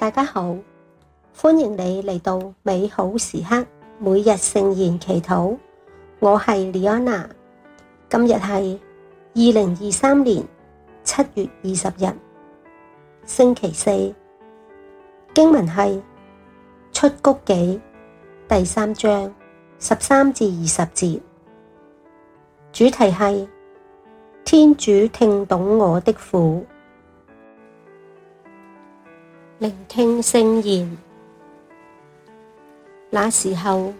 大家好，歡迎你嚟到美好時刻每日聖言祈禱。我係李安娜，今日係二零二三年七月二十日，星期四。經文係出谷記第三章十三至二十節，主題係天主聽懂我的苦。聆聽聖言。那時候，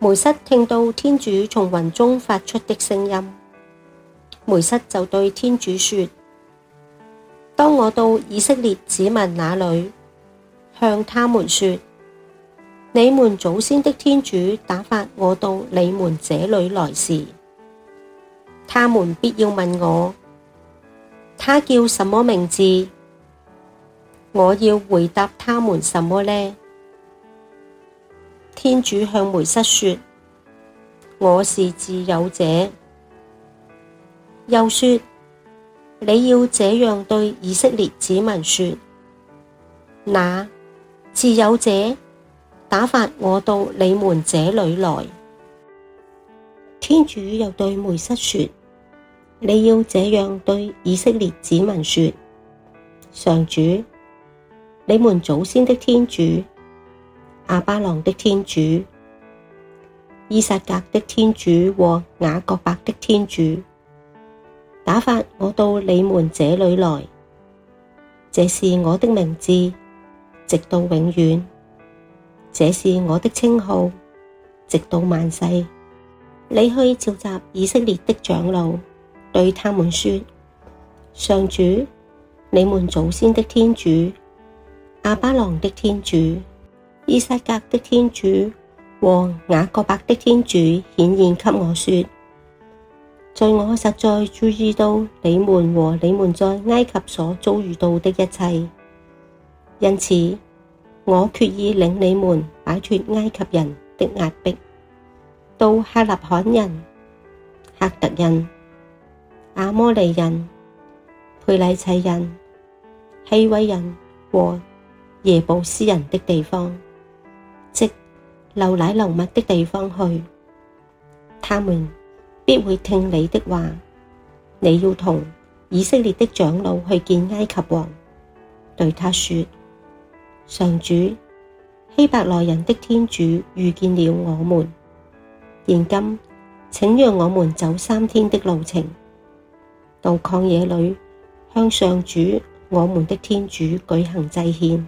梅瑟聽到天主從雲中發出的聲音，梅瑟就對天主說：當我到以色列子民那裏，向他們說，你們祖先的天主打發我到你們這裏來時，他們必要問我，他叫什麼名字？我要回答他們什麼呢？天主向梅瑟說：我是自有者，又說，你要這樣對以色列子民說：那自有者打發我到你們這裏來。天主又對梅瑟說：你要這樣對以色列子民說，說，說，上主。你們祖先的天主，亞巴郎的天主，依撒格的天主和雅各伯的天主，打發我到你們這裏來。這是我的名字，直到永遠；這是我的稱號，直到萬世。你去召集以色列的長老，對他們說：上主，你們祖先的天主。亞巴郎的天主、依撒格的天主和雅各伯的天主顯現給我，說：在我實在注意到你們和你們在埃及所遭遇到的一切，因此我決意領你們擺脫埃及人的壓迫，到客納罕人、赫特人、阿摩黎人、培黎齊人、人、希威人和耶步斯人的地方，即流奶流蜜的地方去，他們必會聽你的話。你要同以色列的長老去見埃及王，對他說：上主，希伯來人的天主遇見了我們，現今請讓我們走三天的路程，到曠野裏向上主我們的天主舉行祭獻。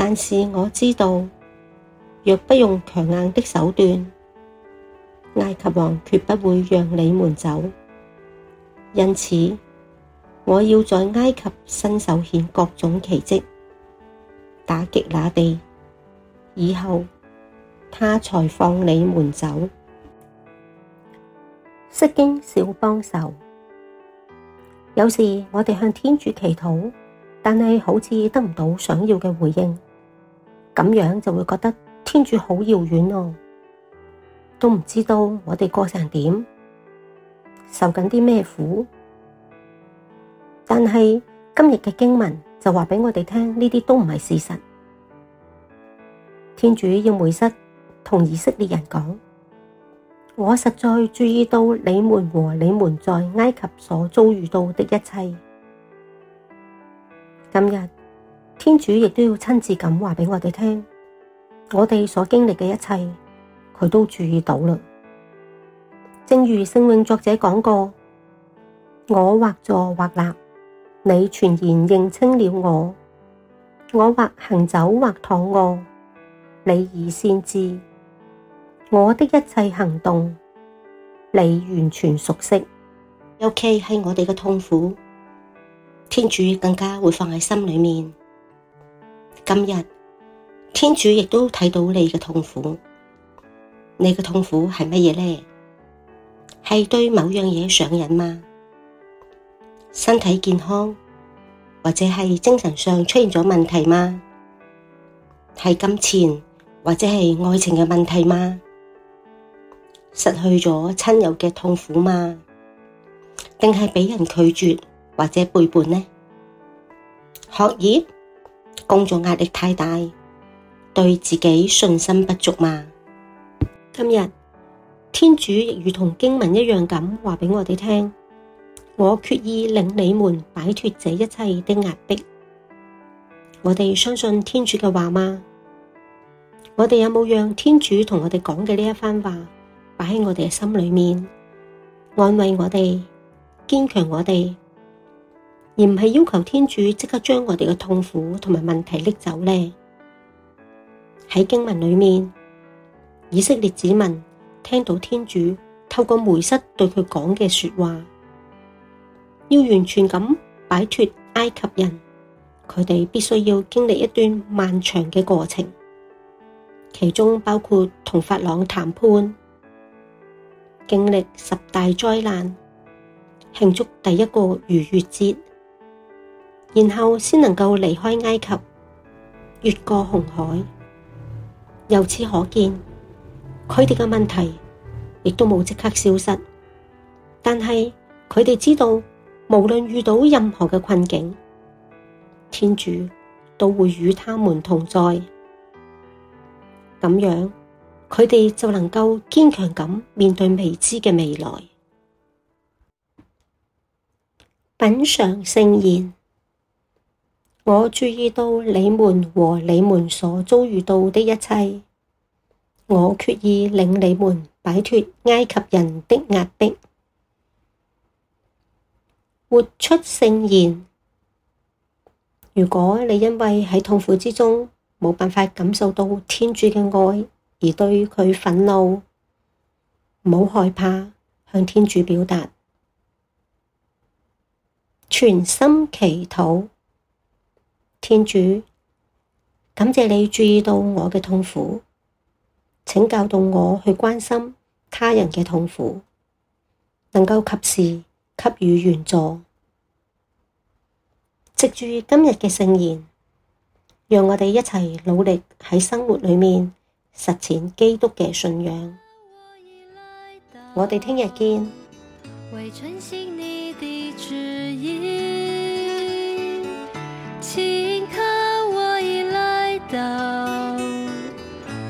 但是我知道，若不用強硬的手段，埃及王決不會讓你們走。因此，我要在埃及伸手顯各種奇蹟，打擊那地，以後他才放你們走。釋經小幫手，有時我哋向天主祈禱，但係好似得唔到想要嘅回應。咁樣就會覺得天主好遙遠哦，都唔知道我哋過成點，受緊啲咩苦。但係今日嘅經文就話畀我哋聽，呢啲都唔係事實。天主要梅瑟同以色列人講：「我實在注意到你們和你們在埃及所遭遇到的一切。」今日。天主亦都要親自咁話俾我哋聽，我哋所經歷嘅一切，佢都注意到啦。正如聖詠作者講過：我或坐或立，你全然認清了我；我或行走或躺卧，你已先知，我的一切行動，你完全熟悉。尤其係我哋嘅痛苦，天主更加會放喺心裏面。今日天主亦都睇到你嘅痛苦，你嘅痛苦係乜嘢呢？係對某樣嘢上癮嗎？身體健康，或者係精神上出現咗問題嗎？係金錢或者係愛情嘅問題嗎？失去咗親友嘅痛苦嗎？定係俾人拒絕或者背叛呢？學業？工作壓力太大，對自己信心不足嘛？今日天主亦如同經文一樣咁話畀我哋聽，「我決意令你們擺脱這一切的壓迫。」我哋相信天主嘅話嗎？我哋有冇讓天主同我哋講嘅呢一番話擺喺我哋嘅心裏面，安慰我哋，堅強我哋？而唔係要求天主即刻將我哋嘅痛苦同埋問題拎走呢？喺經文裏面，以色列子民聽到天主透過梅瑟對佢講嘅說話，要完全咁擺脫埃及人，佢哋必須要經歷一段漫長嘅過程，其中包括同法郎談判，經歷十大災難，慶祝第一個逾越節。然後先能夠離開埃及，越過紅海。由此可見，佢哋嘅問題亦都冇即刻消失。但係佢哋知道，無論遇到任何嘅困境，天主都會與他們同在。咁樣，佢哋就能夠堅強咁面對未知嘅未來。品嚐聖言。我注意到你們和你們所遭遇到的一切。我決意領你們擺脫埃及人的壓迫，活出聖言。如果你因為喺痛苦之中冇辦法感受到天主嘅愛而對佢憤怒，冇害怕，向天主表達，全心祈禱。天主，感謝你注意到我嘅痛苦，請教導我去關心他人嘅痛苦，能夠及時給予援助。藉住今日嘅聖言，讓我哋一齊努力喺生活裏面實踐基督嘅信仰。我哋聽日見。